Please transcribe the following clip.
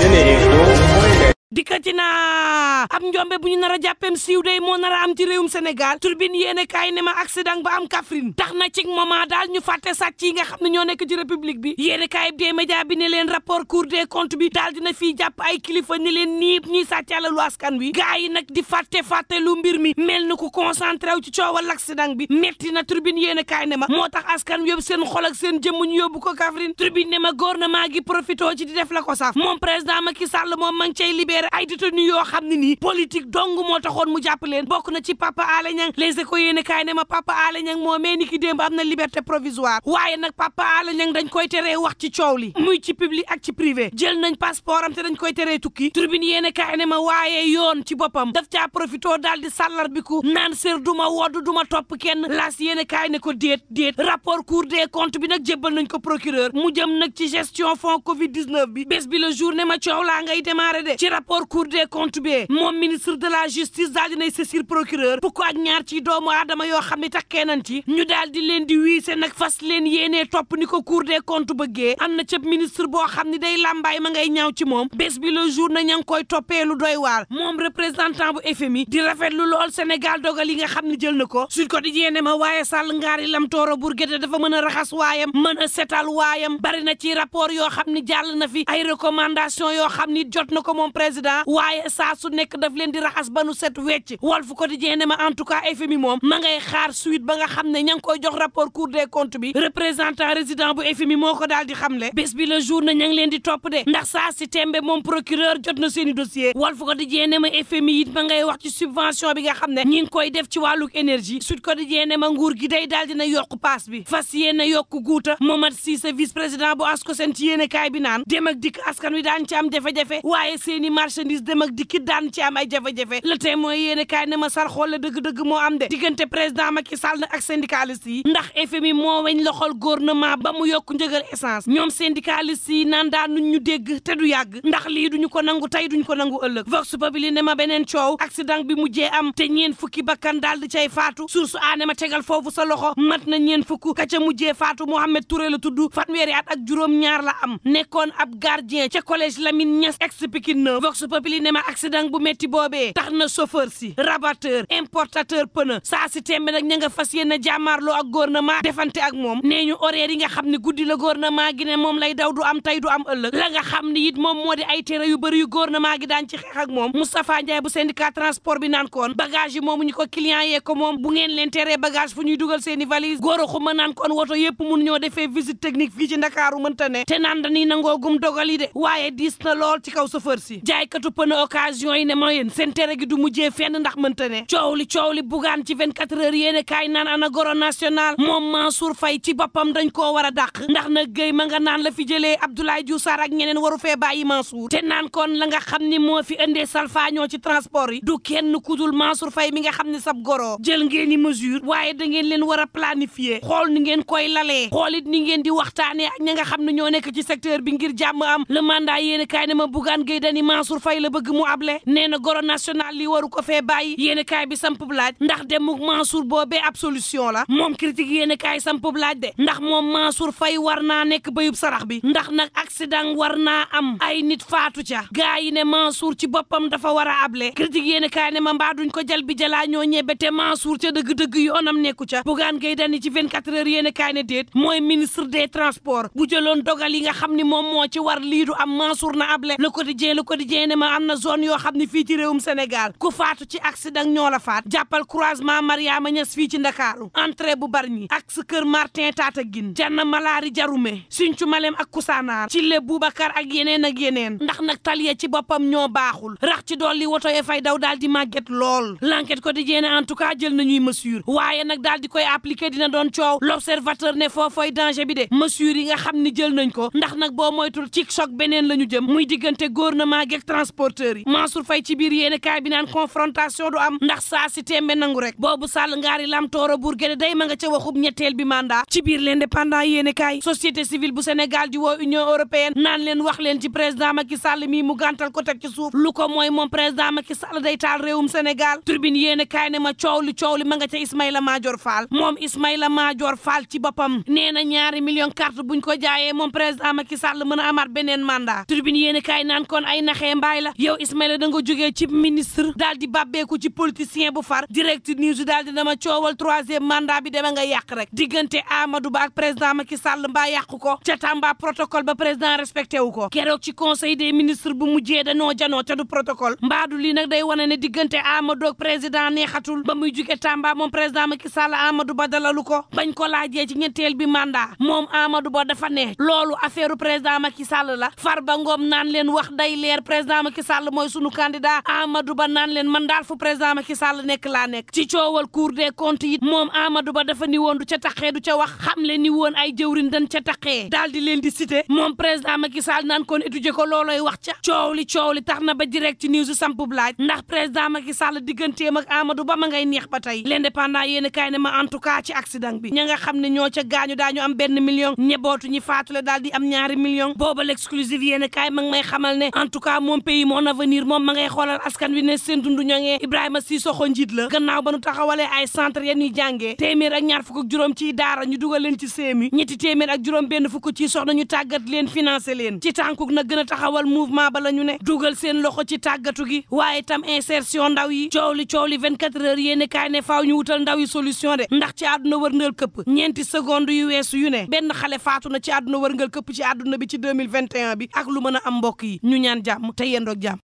Cine Info dikkati naa ab njombe bu ñu nar a jàppem siiw day moo nar am ci réewum Sénégal turbine yéene kaay ne ma accident ba am Kaffrine tax na ci moment daal ñu fàtte sàcc yi nga xam ne ñoo nekk ci république bi yéene kaay des médias bi leen rapport cour des comptes bi daal dina fiy jàpp ay kilifa ni leen nii ñuy sàcc alalu askan wi gaa yi nag di fàtte fàtte lu mbir mi mel ni ku concentré wu ci coowal accident bi metti na turbine yéene kaay ne ma moo tax askan wi seen xol ak seen jëmm yóbbu ko Kaffrine turbine ne ma gi profité ci di def la ko saf moom président Macky Sall moom ma ngi cay libéré ay détenus yoo xam ne nii politique dong moo taxoon mu jàpp leen ci Papa Alé Niang les Échos yéene kaay ma Papa Alé Niang moo mee ki démb na liberté provisoire waaye nag Papa Alé Niang dañ koy teree wax ci coow li muy ci public ak ci privé jël nañ passeport te dañ koy teree tukki tribune yéene kaay ma waaye yoon ci boppam daf caa profitoo daal di sàllar bi ku naan duma wodd duma topp kenn laas yéene kaay ko déet déet rapport cour des comptes bi nag jébbal nañ ko procureur mu jëm nag ci gestion fonds covid 19 bi bés bi le jour ne ma coow laa ngay démarré rapport cour des moom ministre de la justice daal dinay saisir procureur fukk ak ñaar ci doomu aadama yoo xam ne takkee nañ ñu daal di leen di wiise nag fas leen yéenee topp ni ko cour des comptes bëggee am na cëb ministre boo xam ne day làmbaay ma ngay ñaaw ci moom bés bi le jour na ña ngi koy toppee lu doy waar moom représentant bu FMI di rafet rafetlu lool Sénégal dogal yi nga xam ne jël na ko suñ ko di jeene ma waaye sàll ngaari lam tooro bur géte dafa mën a raxas waayam mën a setal waayam bari na ci rapport yoo xam ne jàll na fi ay recommandation yoo xam ni jot na ko moom président président waaye saa nekk daf leen di raxas ba nu set wecc Walf Quotidien ne ma en tout cas FMI moom ma ngay xaar suite ba nga xam ne ña ngi koy jox rapport Cour des comptes bi représentant résident bu FMI moo ko daal di xamle bés bi na ña ngi leen di topp de ndax saa si tembe moom procureur jot na seen i dossier Walf Quotidien ne ma FMI it ma ngay wax ci subvention bi nga xam ne ñi ngi koy def ci wàllu énergie Sud Quotidien ne ma nguur gi day daal dina yokk pa bi fas yéene yokk guuta Momad Cissé vice président bu ASCOSEN ci yéene bi naan dem ak dikk askan wi daan ci am jafe marchandise dem ak dikki daan ci am ay jafe-jafe le temps mooy yéene kaay ne ma sar xool la dëgg-dëgg moo am de diggante président Macky Sall na ak syndicaliste yi ndax FMI moo weñ loxol gouvernement ba mu yokk njëgal essence ñoom syndicaliste yi naan daan nuñ ñu dégg te du yàgg ndax lii duñu ko nangu tey duñu ko nangu ëllëg vox populi ne ma beneen coow accident bi mujjee am te ñeen fukki bakkan daal di cay faatu source aane ma tegal foofu sa loxo mat na ñeen fukk ka ca mujjee faatu Mohamed Touré la tudd fanweeri at ak juróom ñaar la am nekkoon ab gardien ca collège Lamine Niass vox populi ne ma accident bu metti boobee tax na chauffeur si rabatteur importateur pneu saa si tembe nag ña nga fas yéene jàmmaarloo ak góor na gouvernement defante ak moom nee ñu horaire yi nga xam ne guddi la góor na gouvernement gi ne moom lay daw du am tey du am ëllëg la nga xam ne it moom moo di ay tere yu bëri yu maa gi daan ci xeex ak moom Moustapha Ndiaye bu syndicat transport bi naan koon bagage yi moomu ñu ko client yee ko moom bu ngeen leen teree bagage fu ñuy dugal seeni valise góor xuma woto yëpp mun ñoo defee visite technique fii ci Ndakaaru mënta ne te naan dañuy nangoo gum dogal yi de waaye diis lool ci kaw chauffeur si jaaykatu pneu occasion yi ne ma yéen seen tere gi du mujjee fenn ndax mënta ne coow li coow li bugaan ci 24 heures yéene kaay naan ana goro national moom Mansour Faye ci boppam dañ koo war a dàq ndax na géy ma nga naan la fi jëlee Abdoulaye Diouf Sarr ak ñeneen waru fee bàyyi Mansour te naan kon la nga xam ni moo fi indee salfaañoo ci transport yi du kenn kudul Mansour Faye mi nga xam ni sab goro jël ngeen i mesure waaye da ngeen leen war a planifier xool ni ngeen koy lalee xoolit ni ngeen di waxtaanee ak ña nga xam ne ñoo nekk ci secteur bi ngir jàmm am le mandat yéene Mansour Faye la bëgg mu able nee na goro national li waru ko fee bàyyi yéen kaay bi samp laaj ndax demuk Mansour boobee ab solution la moom critique yéen kaay samp laaj de ndax moom Mansour fay war naa nekk béyub sarax bi ndax nag accident war naa am ay nit faatu ca gaa yi ne Mansour ci boppam dafa war a able critique yéen kaay ne ma mbaa duñ ko jal bi jalaa ñoo ñebe te Mansour ca dëgg-dëgg yoonam nekku ca bugaan ngay dani ci 24 heures yéen kaay ne déet mooy ministre des transports bu jëloon dogal yi nga xam ni moom moo ci war lii du am Mansour na able le quotidien le quotidien ne ma am na zone yoo xam ne fii ci réewum Sénégal ku faatu ci accident ñoo la faat jàppal croisement Mariama Niass fii ci Ndakaaru entrée bu bari ñi ak sa kër Martin Tataguine janna malaari jarume Sinthiou Malem ak Kousanaar ci le Boubacar ak yeneen ak yeneen ndax nag taliya ci boppam ñoo baaxul rax ci dolli woto ya fay daw daal di màgget lool l'enquête quotidien ne en tout cas jël nañuy mesure waaye nag daal di koy appliquer dina doon coow l'observateur ne foofooy danger bi de mesure yi nga xam ni jël nañ ko ndax nag boo moytul ci choc beneen la ñu jëm muy diggante góor na gouvernement transporteurs yi Mansour Faye ci biir yéene kaay bi naan confrontation du am ndax saa si tembe nangu rek boobu sàll ngaari lam tooro buur géde day ma nga ca waxub ñetteel bi mandat ci biir l'indépendant yéene kaay société civile bu Sénégal di woo Union européenne naan leen wax leen ci président Macky Sall mii mu gàntal ko teg suuf lu ko mooy moom président Macky Sall day taal réewum Sénégal tribune yéene kaay ne ma coow li coow li ma nga ca Ismaïla Madior Fall moom Ismaïla Madior Fall ci boppam nee na ñaari million carte buñ ko jaayee moom président Macky Sall mën a amaat mbaay la yow Ismaïla da nga jógee ci ministre daal di bàbbeeku ci politicien bu far direct news daal di dama coowal troisième mandat bi dama nga yàq rek diggante Amadou Ba ak président Macky Sall mbaa ko ca Tamba protocole ba président respecté wu ko keroog ci conseil des ministres bu mujjee danoo janoo ca du protocole mbaadu lii nag day wane ne diggante Amadou ak président neexatul ba muy jóge Tamba moom président Macky Sall Ba dalalu ko bañ ko laajee ci ñetteel bi mandat moom Amadou Ba dafa ne loolu affaire président Macky Sall la Farba Ngom naan leen wax day leer président Macky mooy sunu candidat Amadou Ba naan leen man daal fu président Macky Sall nekk laa nekk ci coowal Cour des comptes yi moom Amadou Ba defa ni woon du ca taxee du ca wax xam le ni woon ay jëwrin dañ ca taxee dal di leen di cité moom président Macky Sall naan kon étudier ko loolooy wax ca coow li tax na ba direct news samp laaj ndax président Macky Sall digganteem ak Amadou Ba ma ngay neex ba tey l'indépendant yéen a kaay ne ma en tout cas ci accident bi ña nga xam ne ñoo ca gaañu am benn million ñebootu ñi faatule daal am ñaari million booba l'exclusive ma mon pays mon avenir moom ma ngay xoolal askan wi ne seen dund ñoŋee Ibrahima soxo njiit la gannaaw ba nu taxawalee ay centre ya ñuy jàngee téeméer ak ñaar fukk ak juróom ciy daara ñu dugal leen ci seemi ñetti téeméer ak juróom benn fukk ci soxna ñu tàggat leen financé leen ci tànkuk na gën a taxawal mouvement ba la ñu ne dugal seen loxo ci tàggatu gi waaye itam insertion ndaw yi coow li coow li 24 heures yéen kaay ne faaw ñu wutal ndaw yi solution de ndax ci àdduna wërngal këpp ñeenti seconde yu weesu yu ne benn xale faatu na ci àdduna wërngal këpp ci àdduna bi ci 2021 bi ak lu mën a am mbokk yi ñu ñaan jàmm yendoog jàmm